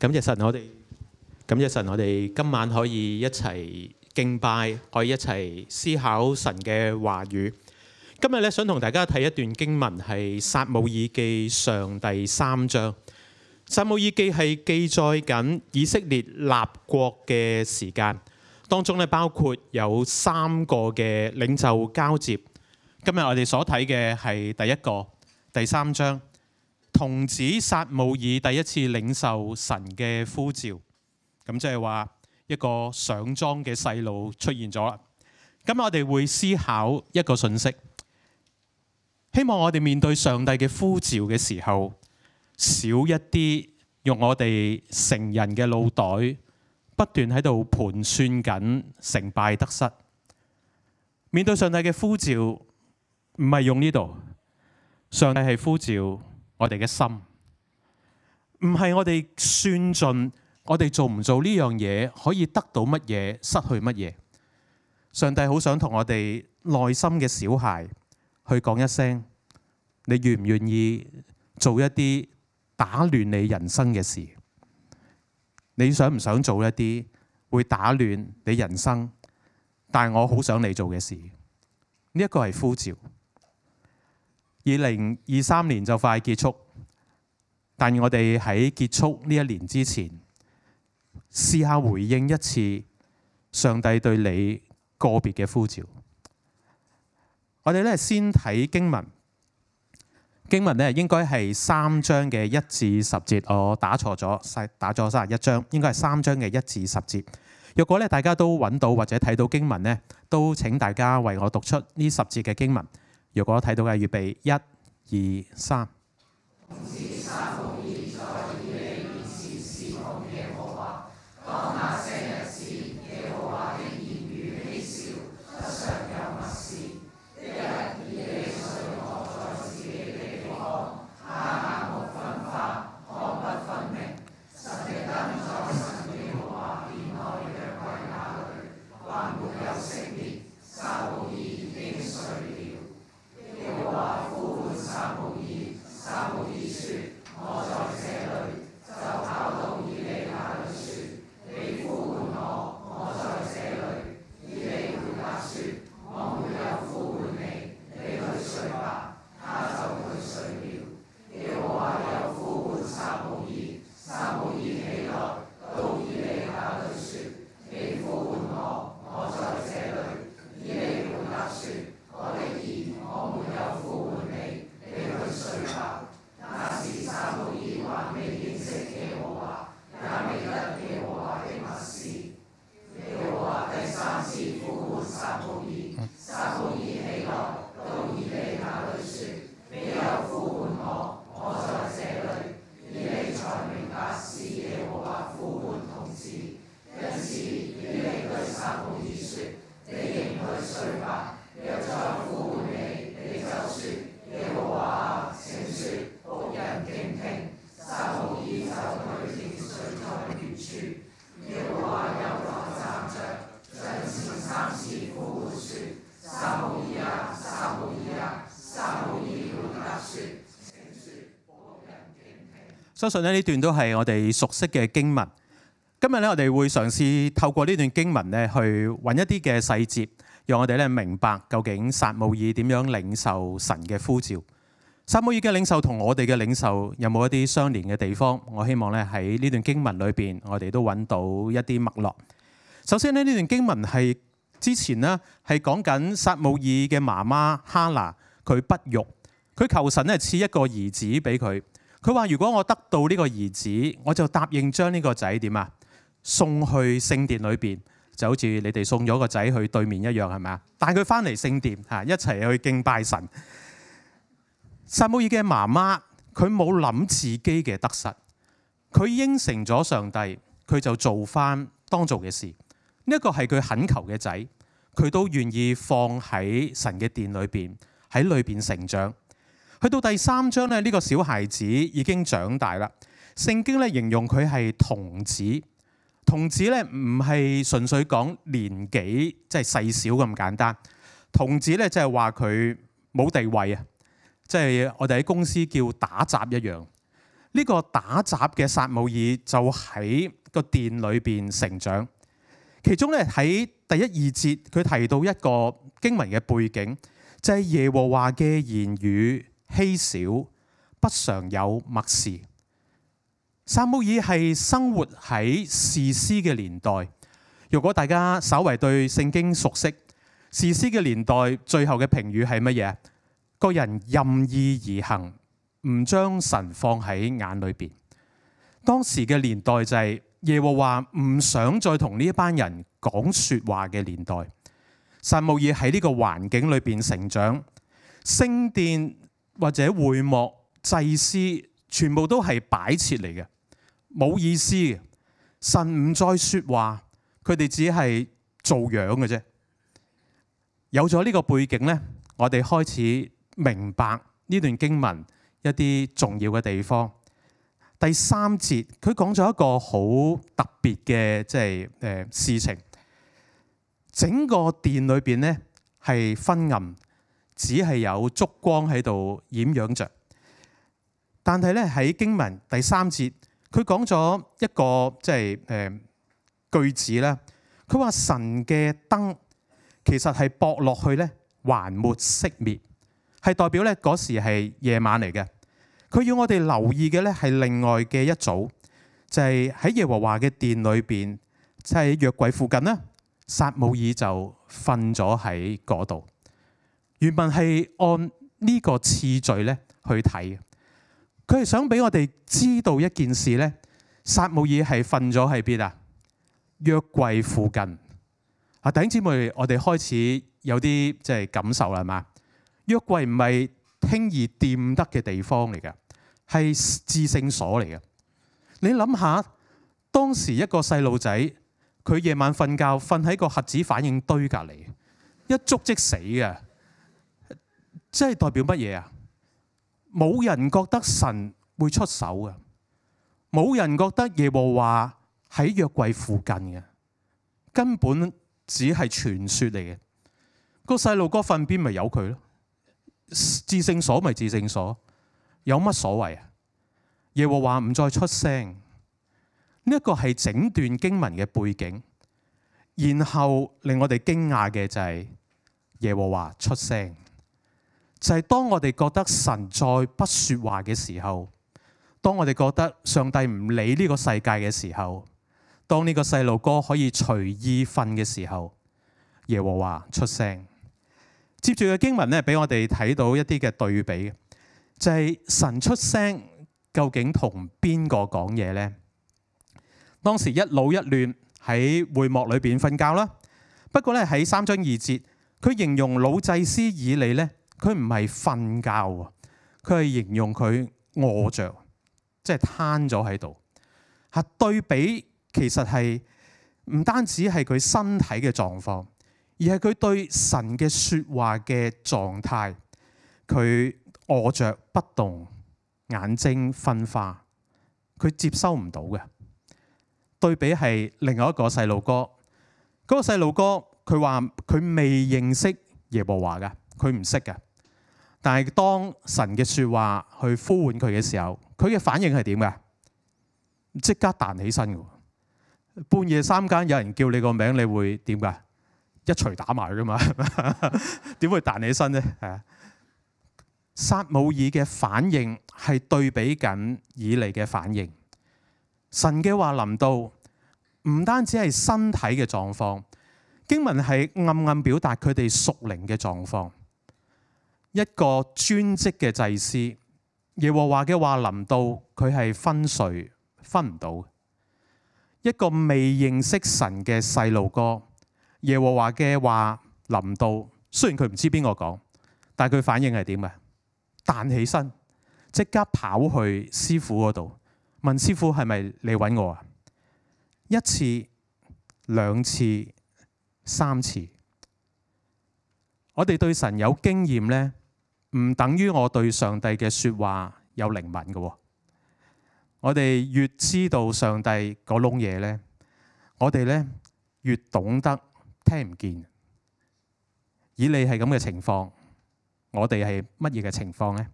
感謝神我哋，感謝神我哋今晚可以一齊敬拜，可以一齊思考神嘅話語。今日咧想同大家睇一段經文，係《撒母耳記上》第三章。《撒母耳記》係記載緊以色列立國嘅時間，當中咧包括有三個嘅領袖交接。今日我哋所睇嘅係第一個，第三章。童子撒母耳第一次領受神嘅呼召，咁即係話一個上莊嘅細路出現咗啦。咁我哋會思考一個信息，希望我哋面對上帝嘅呼召嘅時候，少一啲用我哋成人嘅腦袋不斷喺度盤算緊成敗得失。面對上帝嘅呼召，唔係用呢度，上帝係呼召。我哋嘅心唔係我哋算盡，我哋做唔做呢樣嘢可以得到乜嘢，失去乜嘢？上帝好想同我哋內心嘅小孩去講一聲：你願唔願意做一啲打亂你人生嘅事？你想唔想做一啲會打亂你人生，但係我好想你做嘅事？呢一個係呼召。二零二三年就快結束，但我哋喺結束呢一年之前，試下回應一次上帝對你個別嘅呼召。我哋咧先睇經文，經文咧應該係三章嘅一至十節。我打錯咗，細打咗三十一章，應該係三章嘅一至十節。若果咧大家都揾到或者睇到經文呢，都請大家為我讀出呢十節嘅經文。若果睇到嘅，預備，一、二、三。相信咧呢段都係我哋熟悉嘅經文。今日呢，我哋會嘗試透過呢段經文呢去揾一啲嘅細節，讓我哋咧明白究竟撒母耳點樣領受神嘅呼召。撒母耳嘅領受同我哋嘅領受有冇一啲相連嘅地方？我希望咧喺呢段經文裏邊，我哋都揾到一啲脈絡。首先咧呢段經文係之前咧係講緊撒母耳嘅媽媽哈拿，佢不育，佢求神咧賜一個兒子俾佢。佢話，如果我得到呢個兒子，我就答應將呢個仔點啊送去聖殿裏邊，就好似你哋送咗個仔去對面一樣，係咪啊？帶佢翻嚟聖殿吓，一齊去敬拜神。撒母耳嘅媽媽，佢冇諗自己嘅得失，佢應承咗上帝，佢就做翻當做嘅事。呢一個係佢懇求嘅仔，佢都願意放喺神嘅殿裏邊喺裏邊成長。去到第三章咧，呢、這個小孩子已經長大啦。聖經咧形容佢係童子，童子咧唔係純粹講年紀，即係細小咁簡單。童子咧即係話佢冇地位啊，即、就、係、是、我哋喺公司叫打雜一樣。呢、這個打雜嘅撒母耳就喺個殿裏邊成長。其中咧喺第一二節佢提到一個經文嘅背景，就係、是、耶和華嘅言語稀少，不常有，默示。撒母耳係生活喺士師嘅年代。如果大家稍為對聖經熟悉，士師嘅年代最後嘅評語係乜嘢？各人任意而行，唔將神放喺眼裏邊。當時嘅年代就係耶和華唔想再同呢一班人講說話嘅年代。撒母耳喺呢個環境裏邊成長，聖殿，或者會幕祭司全部都係擺設嚟嘅，冇意思嘅。神唔再説話，佢哋只係做樣嘅啫。有咗呢個背景呢，我哋開始明白呢段經文一啲重要嘅地方。第三節佢講咗一個好特別嘅即係誒事情，整個殿裏邊呢係昏暗。只係有燭光喺度掩養着，但係咧喺經文第三節，佢講咗一個即係誒、呃、句子咧。佢話神嘅燈其實係薄落去咧，還沒熄滅，係代表咧嗰時係夜晚嚟嘅。佢要我哋留意嘅咧係另外嘅一組，就係、是、喺耶和華嘅殿裏邊，即係約櫃附近呢。撒母耳就瞓咗喺嗰度。原文係按呢個次序咧去睇嘅。佢係想俾我哋知道一件事咧。撒母耳係瞓咗喺邊啊？約櫃附近啊，弟兄姊妹，我哋開始有啲即係感受啦，係嘛？約櫃唔係輕易掂得嘅地方嚟嘅，係致聖所嚟嘅。你諗下，當時一個細路仔，佢夜晚瞓覺瞓喺個核子反應堆隔離，一觸即死啊！即係代表乜嘢啊？冇人覺得神會出手嘅，冇人覺得耶和華喺約櫃附近嘅，根本只係傳說嚟嘅。個細路哥瞓邊咪有佢咯？至聖所咪至聖所，有乜所謂啊？耶和華唔再出聲，呢一個係整段經文嘅背景。然後令我哋驚訝嘅就係耶和華出聲。就係當我哋覺得神再不說話嘅時候，當我哋覺得上帝唔理呢個世界嘅時候，當呢個細路哥可以隨意瞓嘅時候，耶和華出聲。接住嘅經文咧，俾我哋睇到一啲嘅對比，就係神出聲究竟同邊個講嘢呢？當時一老一嫩喺會幕裏邊瞓覺啦。不過咧，喺三章二節，佢形容老祭司以利呢。佢唔係瞓覺喎，佢係形容佢臥着，即係攤咗喺度。係對比，其實係唔單止係佢身體嘅狀況，而係佢對神嘅説話嘅狀態。佢臥着、不動，眼睛昏花，佢接收唔到嘅。對比係另外一個細路哥，嗰、那個細路哥佢話佢未認識耶和華嘅，佢唔識嘅。但係當神嘅說話去呼喚佢嘅時候，佢嘅反應係點嘅？即刻彈起身噶。半夜三更有人叫你個名，你會點噶？一錘打埋噶嘛？點 會彈起身咧？撒母耳嘅反應係對比緊以利嘅反應。神嘅話臨到，唔單止係身體嘅狀況，經文係暗暗表達佢哋屬靈嘅狀況。一個專職嘅祭司，耶和華嘅話，話臨到佢係昏睡分唔到。一個未認識神嘅細路哥，耶和華嘅話，話臨到，雖然佢唔知邊個講，但係佢反應係點嘅？彈起身，即刻跑去師傅嗰度問師傅，係咪你揾我啊？一次、兩次、三次，我哋對神有經驗呢，唔等於我對上帝嘅說話有靈敏嘅、哦。我哋越知道上帝個窿嘢呢，我哋呢越懂得聽唔見。以你係咁嘅情況，我哋係乜嘢嘅情況呢？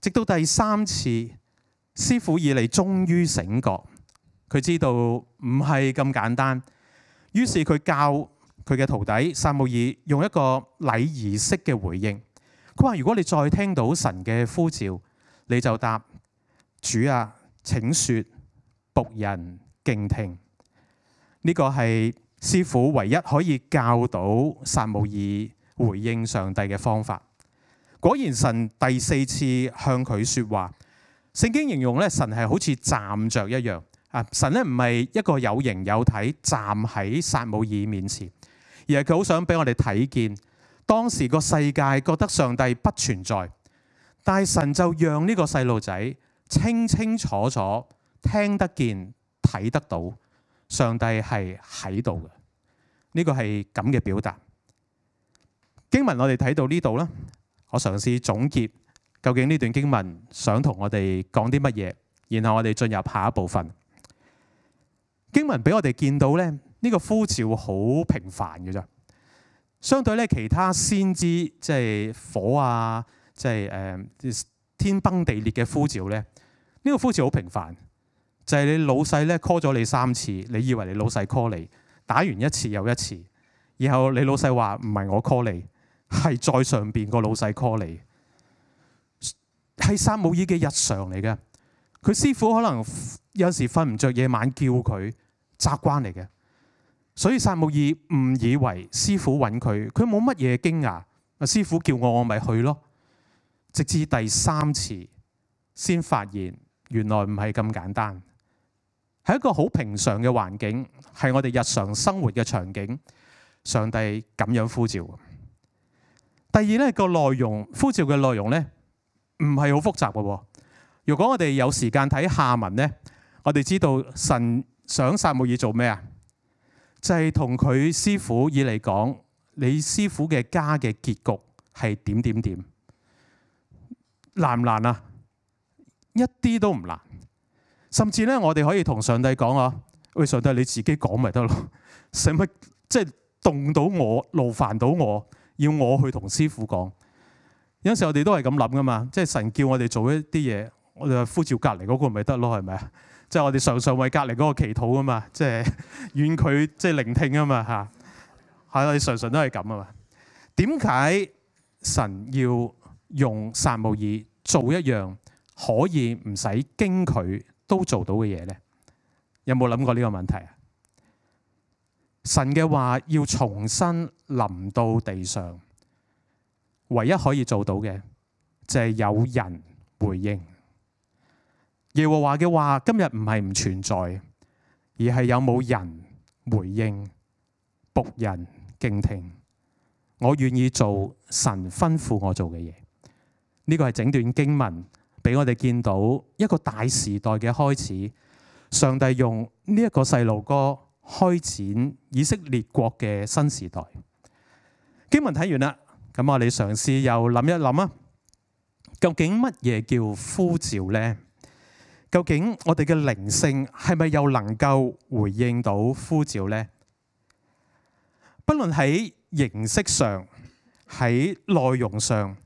直到第三次，師傅以利終於醒覺，佢知道唔係咁簡單，於是佢教。佢嘅徒弟撒母耳用一個禮儀式嘅回應，佢話：如果你再聽到神嘅呼召，你就答主啊，請說僕人敬聽。呢、這個係師傅唯一可以教到撒母耳回應上帝嘅方法。果然神第四次向佢說話，聖經形容咧神係好似站着一樣啊！神咧唔係一個有形有體站喺撒母耳面前。而係佢好想俾我哋睇見當時個世界覺得上帝不存在，但係神就讓呢個細路仔清清楚楚聽得見、睇得到上帝係喺度嘅。呢個係咁嘅表達。經文我哋睇到呢度啦，我嘗試總結究竟呢段經文想同我哋講啲乜嘢，然後我哋進入下一部分。經文俾我哋見到呢。呢個呼召好平凡嘅啫，相對咧其他先知，即係火啊，即係誒天崩地裂嘅呼召咧。呢、這個呼召好平凡，就係、是、你老細咧 call 咗你三次，你以為你老細 call 你打完一次又一次，然後你老細話唔係我 call 你，係再上邊個老細 call 你，係撒母耳嘅日常嚟嘅。佢師傅可能有時瞓唔着夜晚叫佢習慣嚟嘅。所以撒母耳誤以為師傅揾佢，佢冇乜嘢驚訝。阿師傅叫我，我咪去咯。直至第三次先發現，原來唔係咁簡單，係一個好平常嘅環境，係我哋日常生活嘅場景。上帝咁樣呼召。第二呢個內容，呼召嘅內容呢，唔係好複雜嘅。如果我哋有時間睇下文呢，我哋知道神想撒母耳做咩啊？就係同佢師傅以嚟講，你師傅嘅家嘅結局係點點點？難唔難啊？一啲都唔難，甚至咧，我哋可以同上帝講啊！喂，上帝你自己講咪得咯？使乜即係動到我、勞煩到我，要我去同師傅講？有時我哋都係咁諗噶嘛，即係神叫我哋做一啲嘢。我就呼召隔離嗰個咪得咯，係咪啊？即係我哋常常為隔離嗰個祈禱啊嘛，即係願佢即係聆聽啊嘛嚇。係啊，我哋常常都係咁啊嘛。點解神要用撒母耳做一樣可以唔使經佢都做到嘅嘢咧？有冇諗過呢個問題啊？神嘅話要重新臨到地上，唯一可以做到嘅就係有人回應。耶和華嘅話今日唔係唔存在，而係有冇人回應僕人敬聽，我願意做神吩咐我做嘅嘢。呢個係整段經文俾我哋見到一個大時代嘅開始。上帝用呢一個細路哥開展以色列國嘅新時代。經文睇完啦，咁我哋嘗試又諗一諗啊，究竟乜嘢叫呼召呢？究竟我哋嘅靈性係咪又能夠回應到呼召呢？不論喺形式上，喺內容上，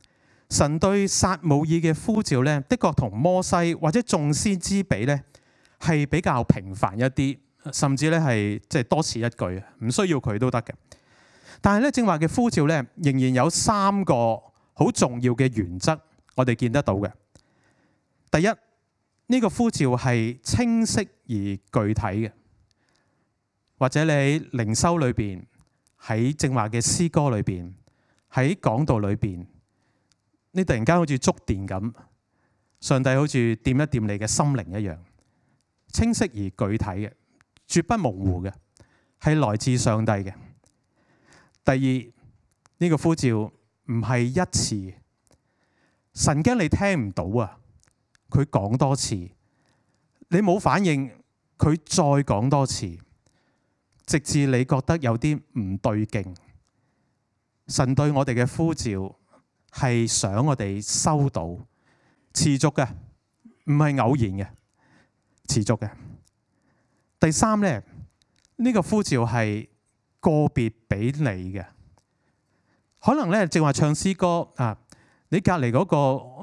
神對撒母耳嘅呼召呢，的確同摩西或者眾先知比呢，係比較平凡一啲，甚至咧，係即係多此一舉，唔需要佢都得嘅。但係咧，正話嘅呼召呢，仍然有三個好重要嘅原則，我哋見得到嘅。第一，呢個呼召係清晰而具體嘅，或者你喺靈修裏邊，喺正話嘅詩歌裏邊，喺講道裏邊，你突然間好似觸電咁，上帝好似掂一掂你嘅心靈一樣，清晰而具體嘅，絕不模糊嘅，係來自上帝嘅。第二，呢個呼召唔係一次，神驚你聽唔到啊！佢講多次，你冇反應，佢再講多次，直至你覺得有啲唔對勁。神對我哋嘅呼召係想我哋收到，持續嘅，唔係偶然嘅，持續嘅。第三呢，呢個呼召係個別俾你嘅，可能呢，正話唱詩歌啊，你隔籬嗰個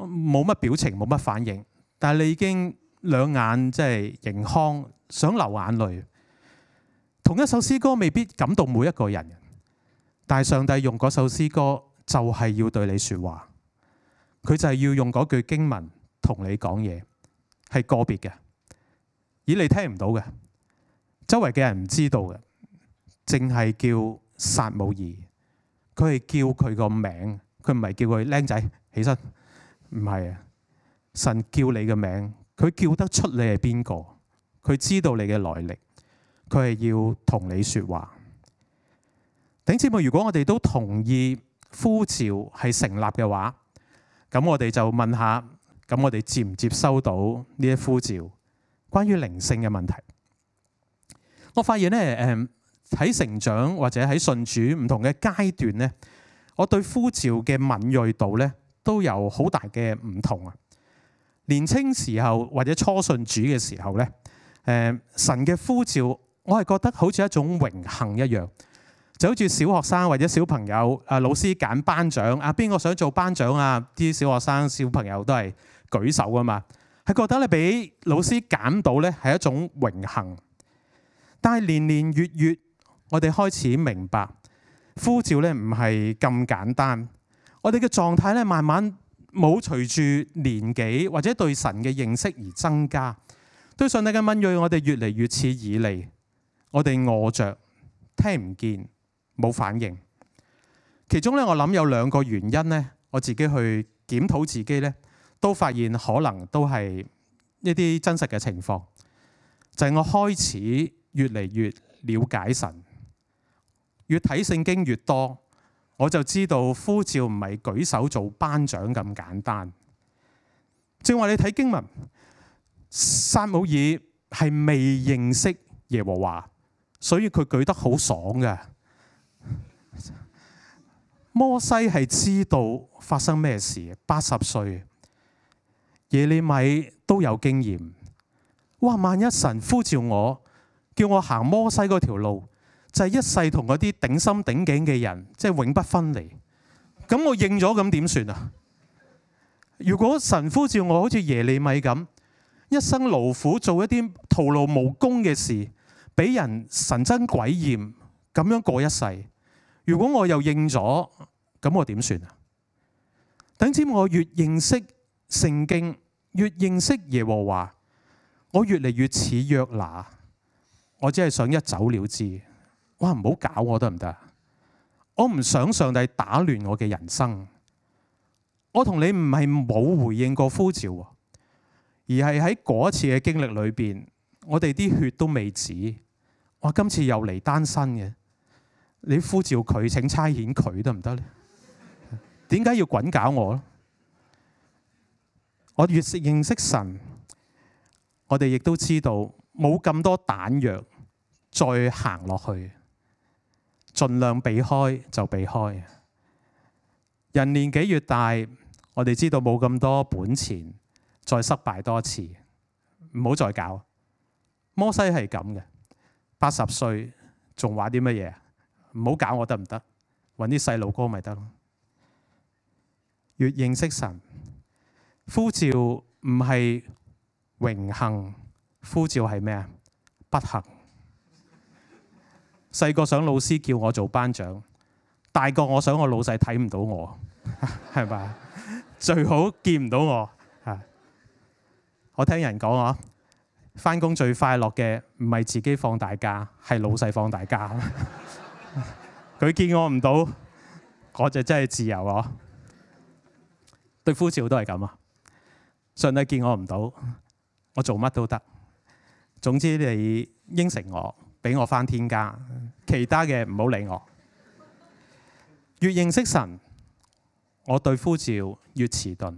冇乜表情，冇乜反應。但係你已經兩眼即係盈眶，想流眼淚。同一首詩歌未必感動每一個人，但係上帝用嗰首詩歌就係要對你說話，佢就係要用嗰句經文同你講嘢，係個別嘅，以你聽唔到嘅，周圍嘅人唔知道嘅，淨係叫撒母耳，佢係叫佢個名，佢唔係叫佢靚仔，起身，唔係啊。神叫你嘅名，佢叫得出你係邊個，佢知道你嘅來歷，佢係要同你說話。頂姊妹，如果我哋都同意呼召係成立嘅話，咁我哋就問下，咁我哋接唔接收到呢一呼召？關於靈性嘅問題，我發現呢，誒喺成長或者喺信主唔同嘅階段呢，我對呼召嘅敏銳度呢，都有好大嘅唔同啊。年青時候或者初信主嘅時候呢誒，神嘅呼召，我係覺得好似一種榮幸一樣，就好似小學生或者小朋友，啊，老師揀班長，啊，邊個想做班長啊？啲小學生、小朋友都係舉手啊嘛，係覺得你俾老師揀到呢係一種榮幸。但係年年月月，月，我哋開始明白呼召呢唔係咁簡單，我哋嘅狀態呢慢慢。冇隨住年紀或者對神嘅認識而增加，對上帝嘅敏銳，我哋越嚟越似以利。我哋餓着，聽唔見，冇反應。其中咧，我諗有兩個原因呢，我自己去檢討自己呢，都發現可能都係一啲真實嘅情況，就係、是、我開始越嚟越瞭解神，越睇聖經越多。我就知道呼召唔係舉手做班長咁簡單。正話你睇經文，撒母耳係未認識耶和華，所以佢舉得好爽嘅。摩西係知道發生咩事，八十歲，耶利米都有經驗。哇，萬一神呼召我，叫我行摩西嗰條路。就係一世同嗰啲頂心頂頸嘅人，即係永不分離。咁我應咗咁點算啊？如果神呼召我，好似耶利米咁，一生勞苦做一啲徒勞無功嘅事，俾人神憎鬼厭咁樣過一世。如果我又應咗，咁我點算啊？等知我越認識聖經，越認識耶和華，我越嚟越似約拿，我只係想一走了之。哇！唔好搞我得唔得？我唔想上帝打亂我嘅人生。我同你唔係冇回應過呼召，而係喺嗰次嘅經歷裏邊，我哋啲血都未止。我今次又嚟單身嘅，你呼召佢，請差遣佢得唔得咧？點解要滾搞我？我越識認識神，我哋亦都知道冇咁多彈藥，再行落去。儘量避開就避開。人年紀越大，我哋知道冇咁多本錢，再失敗多次，唔好再搞。摩西係咁嘅，八十歲仲話啲乜嘢？唔好搞我得唔得？搵啲細路哥咪得咯。越認識神，呼召唔係榮幸，呼召係咩啊？不幸。細個想老師叫我做班長，大個我想我老細睇唔到我，係咪？ 最好見唔到， 到我。我聽人講，我翻工最快樂嘅唔係自己放大假，係老細放大假。佢見我唔到，我就真係自由啊！ 對呼召都係咁啊，上帝見我唔到，我做乜都得。總之你應承我，俾我翻天家。其他嘅唔好理我。越認識神，我對呼召越遲鈍。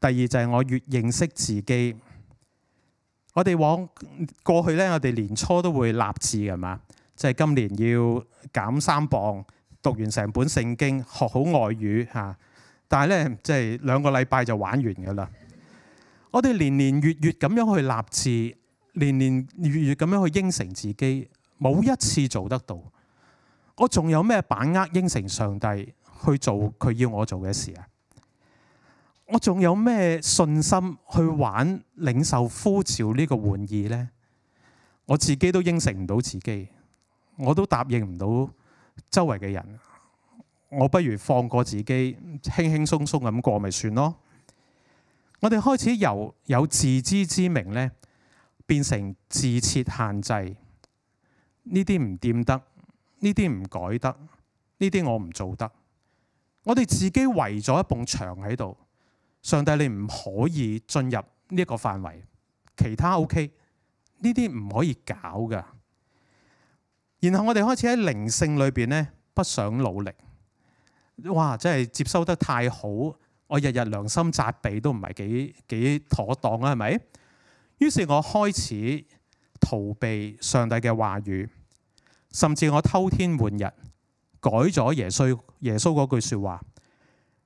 第二就係我越認識自己。我哋往過去咧，我哋年初都會立志，㗎嘛，就係今年要減三磅，讀完成本聖經，學好外語吓。但係咧，即係兩個禮拜就玩完噶啦。我哋年年月月咁樣去立志，年年月月咁樣去應承自己。冇一次做得到，我仲有咩把握應承上帝去做佢要我做嘅事啊？我仲有咩信心去玩領袖呼召呢個玩意呢？我自己都應承唔到自己，我都答應唔到周圍嘅人，我不如放過自己，輕輕鬆鬆咁過咪算咯。我哋開始由有自知之明呢變成自設限制。呢啲唔掂得，呢啲唔改得，呢啲我唔做得。我哋自己圍咗一埲牆喺度，上帝你唔可以進入呢一個範圍。其他 OK，呢啲唔可以搞噶。然後我哋開始喺靈性裏邊呢，不想努力。哇，真係接收得太好，我日日良心責備都唔係幾幾妥當啊，係咪？於是我開始。逃避上帝嘅話語，甚至我偷天換日，改咗耶穌耶穌嗰句說話。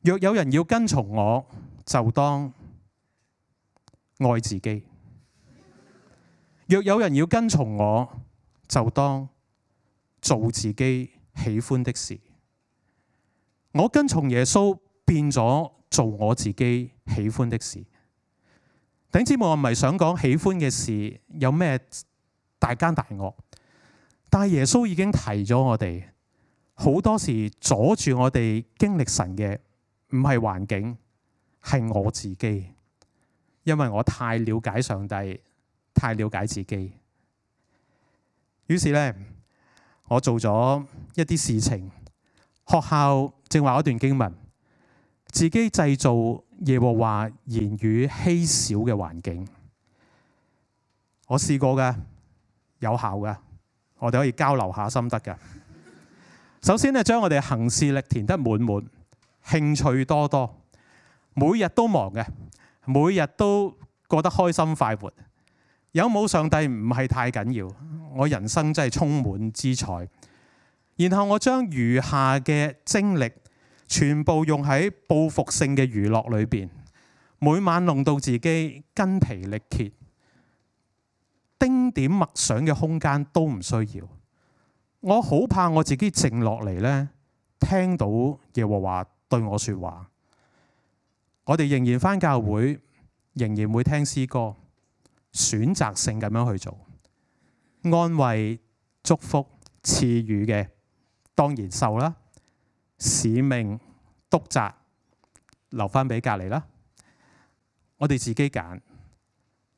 若有人要跟從我，就當愛自己；若有人要跟從我，就當做自己喜歡的事。我跟從耶穌，變咗做我自己喜歡的事。頂之帽，我唔係想講喜歡嘅事有咩大奸大惡，但係耶穌已經提咗我哋好多時阻住我哋經歷神嘅，唔係環境，係我自己，因為我太了解上帝，太了解自己，於是呢，我做咗一啲事情，學校正話嗰段經文，自己製造。耶和華言語稀少嘅環境，我試過㗎，有效㗎，我哋可以交流下心得㗎。首先呢，將我哋行事力填得滿滿，興趣多多，每日都忙嘅，每日都過得開心快活。有冇上帝唔係太緊要，我人生真係充滿姿彩。然後我將餘下嘅精力。全部用喺報復性嘅娛樂裏邊，每晚弄到自己筋疲力竭，丁點默想嘅空間都唔需要。我好怕我自己靜落嚟呢，聽到耶和華對我説話。我哋仍然返教會，仍然會聽詩歌，選擇性咁樣去做，安慰、祝福、賜予嘅當然受啦。使命督責留翻，俾隔籬啦，我哋自己揀。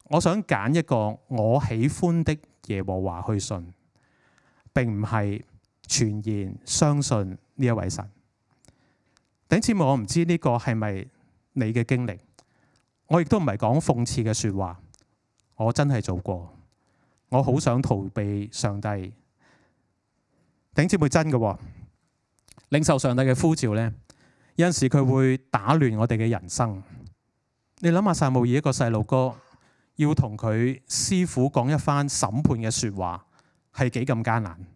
我想揀一個我喜歡的耶和華去信，並唔係傳言相信呢一位神。頂姊妹，我唔知呢個係咪你嘅經歷，我亦都唔係講諷刺嘅說話。我真係做過，我好想逃避上帝。頂姊妹真嘅喎。領受上帝嘅呼召呢，有陣時佢會打亂我哋嘅人生。你諗下，撒母耳一個細路哥，要同佢師傅講一番審判嘅說話，係幾咁艱難？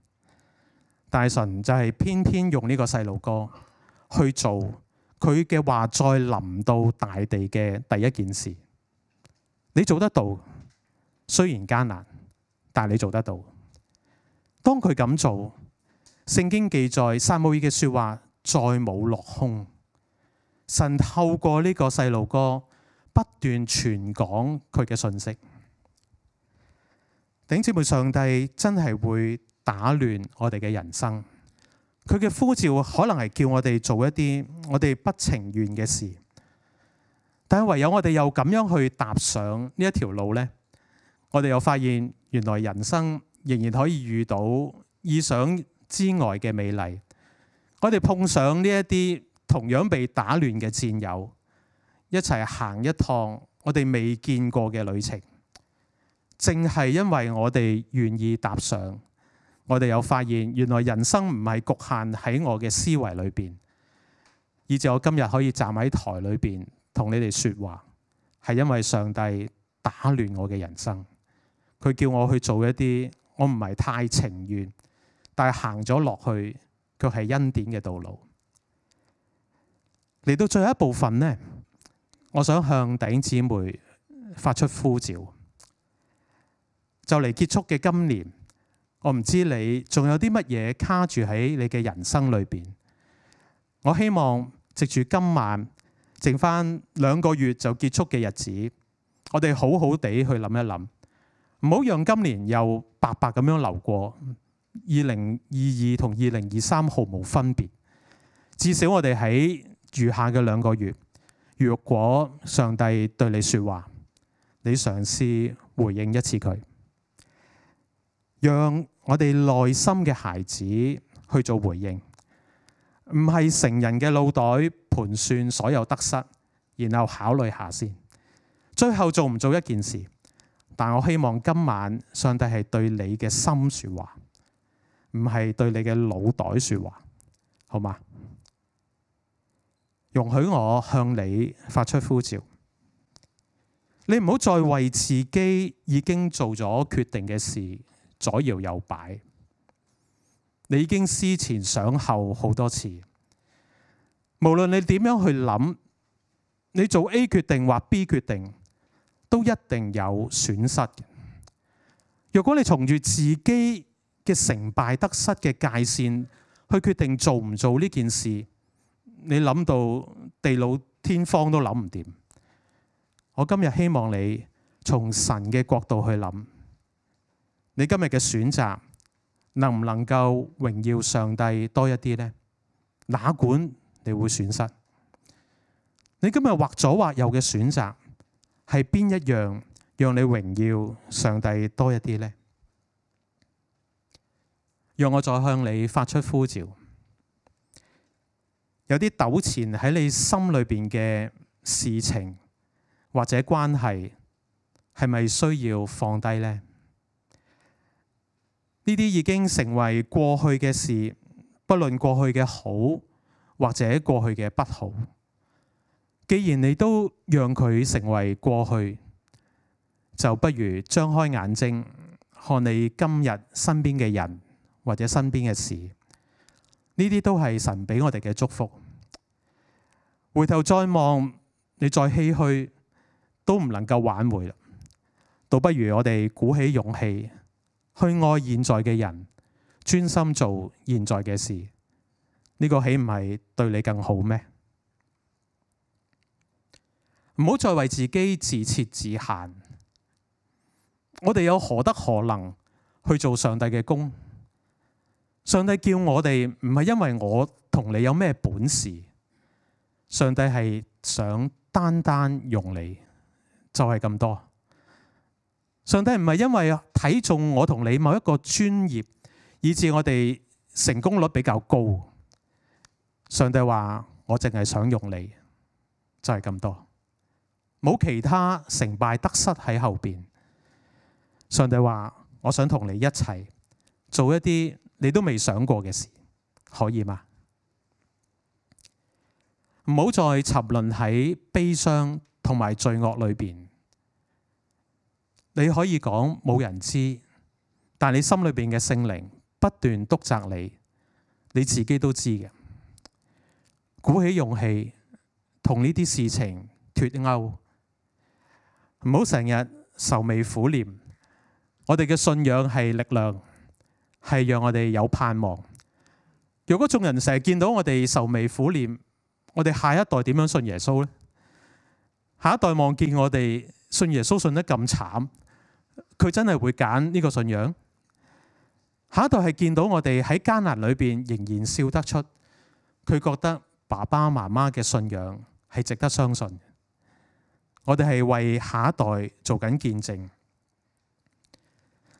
大神就係偏偏用呢個細路哥去做佢嘅話，再臨到大地嘅第一件事，你做得到？雖然艱難，但係你做得到。當佢咁做。聖經記載，撒母耳嘅說話再冇落空。神透過呢個細路哥不斷傳講佢嘅信息。頂姊妹，上帝真係會打亂我哋嘅人生。佢嘅呼召可能係叫我哋做一啲我哋不情願嘅事，但係唯有我哋又咁樣去踏上呢一條路呢，我哋又發現原來人生仍然可以遇到意想之外嘅美麗，我哋碰上呢一啲同樣被打亂嘅戰友，一齊行一趟我哋未見過嘅旅程，正係因為我哋願意踏上，我哋有發現原來人生唔係局限喺我嘅思維裏邊，以至我今日可以站喺台裏邊同你哋說話，係因為上帝打亂我嘅人生，佢叫我去做一啲我唔係太情願。但係行咗落去，卻係恩典嘅道路。嚟到最後一部分呢，我想向弟兄姊妹發出呼召， 就嚟結束嘅今年，我唔知你仲有啲乜嘢卡住喺你嘅人生裏邊。我希望藉住今晚剩翻兩個月就結束嘅日子，我哋好好地去諗一諗，唔好讓今年又白白咁樣流過。二零二二同二零二三毫無分別。至少我哋喺餘下嘅兩個月，若果上帝對你說話，你嘗試回應一次佢，讓我哋內心嘅孩子去做回應，唔係成人嘅腦袋盤算所有得失，然後考慮下先，最後做唔做一件事？但我希望今晚上帝係對你嘅心說話。唔係對你嘅腦袋說話，好嗎？容許我向你發出呼召。你唔好再為自己已經做咗決定嘅事左搖右擺。你已經思前想後好多次，無論你點樣去諗，你做 A 決定或 B 決定，都一定有損失嘅。如果你從住自己，嘅成敗得失嘅界線，去決定做唔做呢件事，你諗到地老天荒都諗唔掂。我今日希望你從神嘅角度去諗，你今日嘅選擇能唔能夠榮耀上帝多一啲呢？哪管你會損失，你今日或左或右嘅選擇係邊一樣，讓你榮耀上帝多一啲呢？讓我再向你發出呼召，有啲糾纏喺你心裏邊嘅事情或者關係，係咪需要放低呢？呢啲已經成為過去嘅事，不論過去嘅好或者過去嘅不好，既然你都讓佢成為過去，就不如張開眼睛，看你今日身邊嘅人。或者身邊嘅事，呢啲都係神俾我哋嘅祝福。回頭再望，你再唏噓都唔能夠挽回啦。倒不如我哋鼓起勇氣去愛現在嘅人，專心做現在嘅事。呢、這個豈唔係對你更好咩？唔好再為自己自設自限。我哋有何德何能去做上帝嘅工？上帝叫我哋唔係因為我同你有咩本事，上帝係想單單用你，就係咁多。上帝唔係因為睇中我同你某一個專業，以至我哋成功率比較高。上帝話我淨係想用你，就係咁多，冇其他成敗得失喺後邊。上帝話我想同你一齊做一啲。你都未想過嘅事，可以嗎？唔好再沉淪喺悲傷同埋罪惡裏邊。你可以講冇人知，但你心裏邊嘅聖靈不斷督責你，你自己都知嘅。鼓起勇氣，同呢啲事情脫鈎。唔好成日愁眉苦臉。我哋嘅信仰係力量。係讓我哋有盼望。如果眾人成日見到我哋愁眉苦臉，我哋下一代點樣信耶穌呢？下一代望見我哋信耶穌信得咁慘，佢真係會揀呢個信仰。下一代係見到我哋喺艱難裏邊仍然笑得出，佢覺得爸爸媽媽嘅信仰係值得相信。我哋係為下一代做緊見證，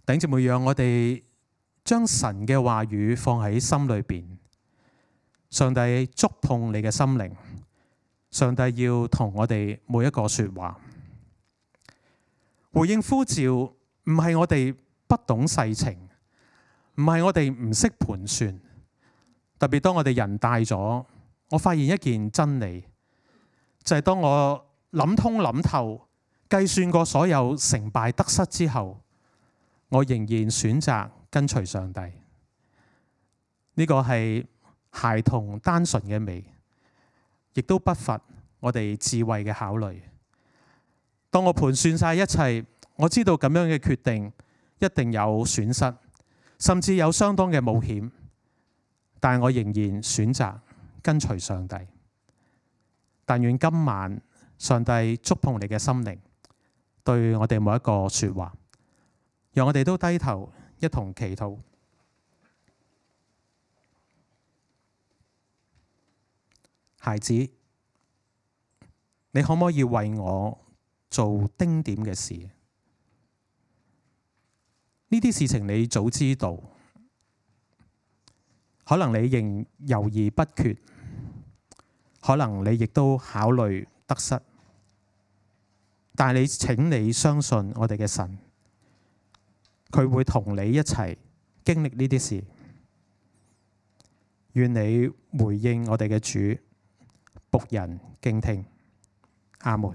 頂住每樣我哋。將神嘅話語放喺心裏邊，上帝觸碰你嘅心靈，上帝要同我哋每一個說話，回應呼召。唔係我哋不懂世情，唔係我哋唔識盤算。特別當我哋人大咗，我發現一件真理，就係當我諗通諗透，計算過所有成敗得失之後，我仍然選擇。跟隨上帝呢，這個係孩童單純嘅美，亦都不乏我哋智慧嘅考慮。當我盤算晒一切，我知道咁樣嘅決定一定有損失，甚至有相當嘅冒險，但我仍然選擇跟隨上帝。但願今晚上帝觸碰你嘅心靈，對我哋每一個說話，讓我哋都低頭，一同祈禱，孩子，你可唔可以為我做丁點嘅事？呢啲事情你早知道，可能你仍猶豫不決，可能你亦都考慮得失，但係你請你相信我哋嘅神。佢會同你一齊經歷呢啲事，願你回應我哋嘅主，僕人敬聽，阿門。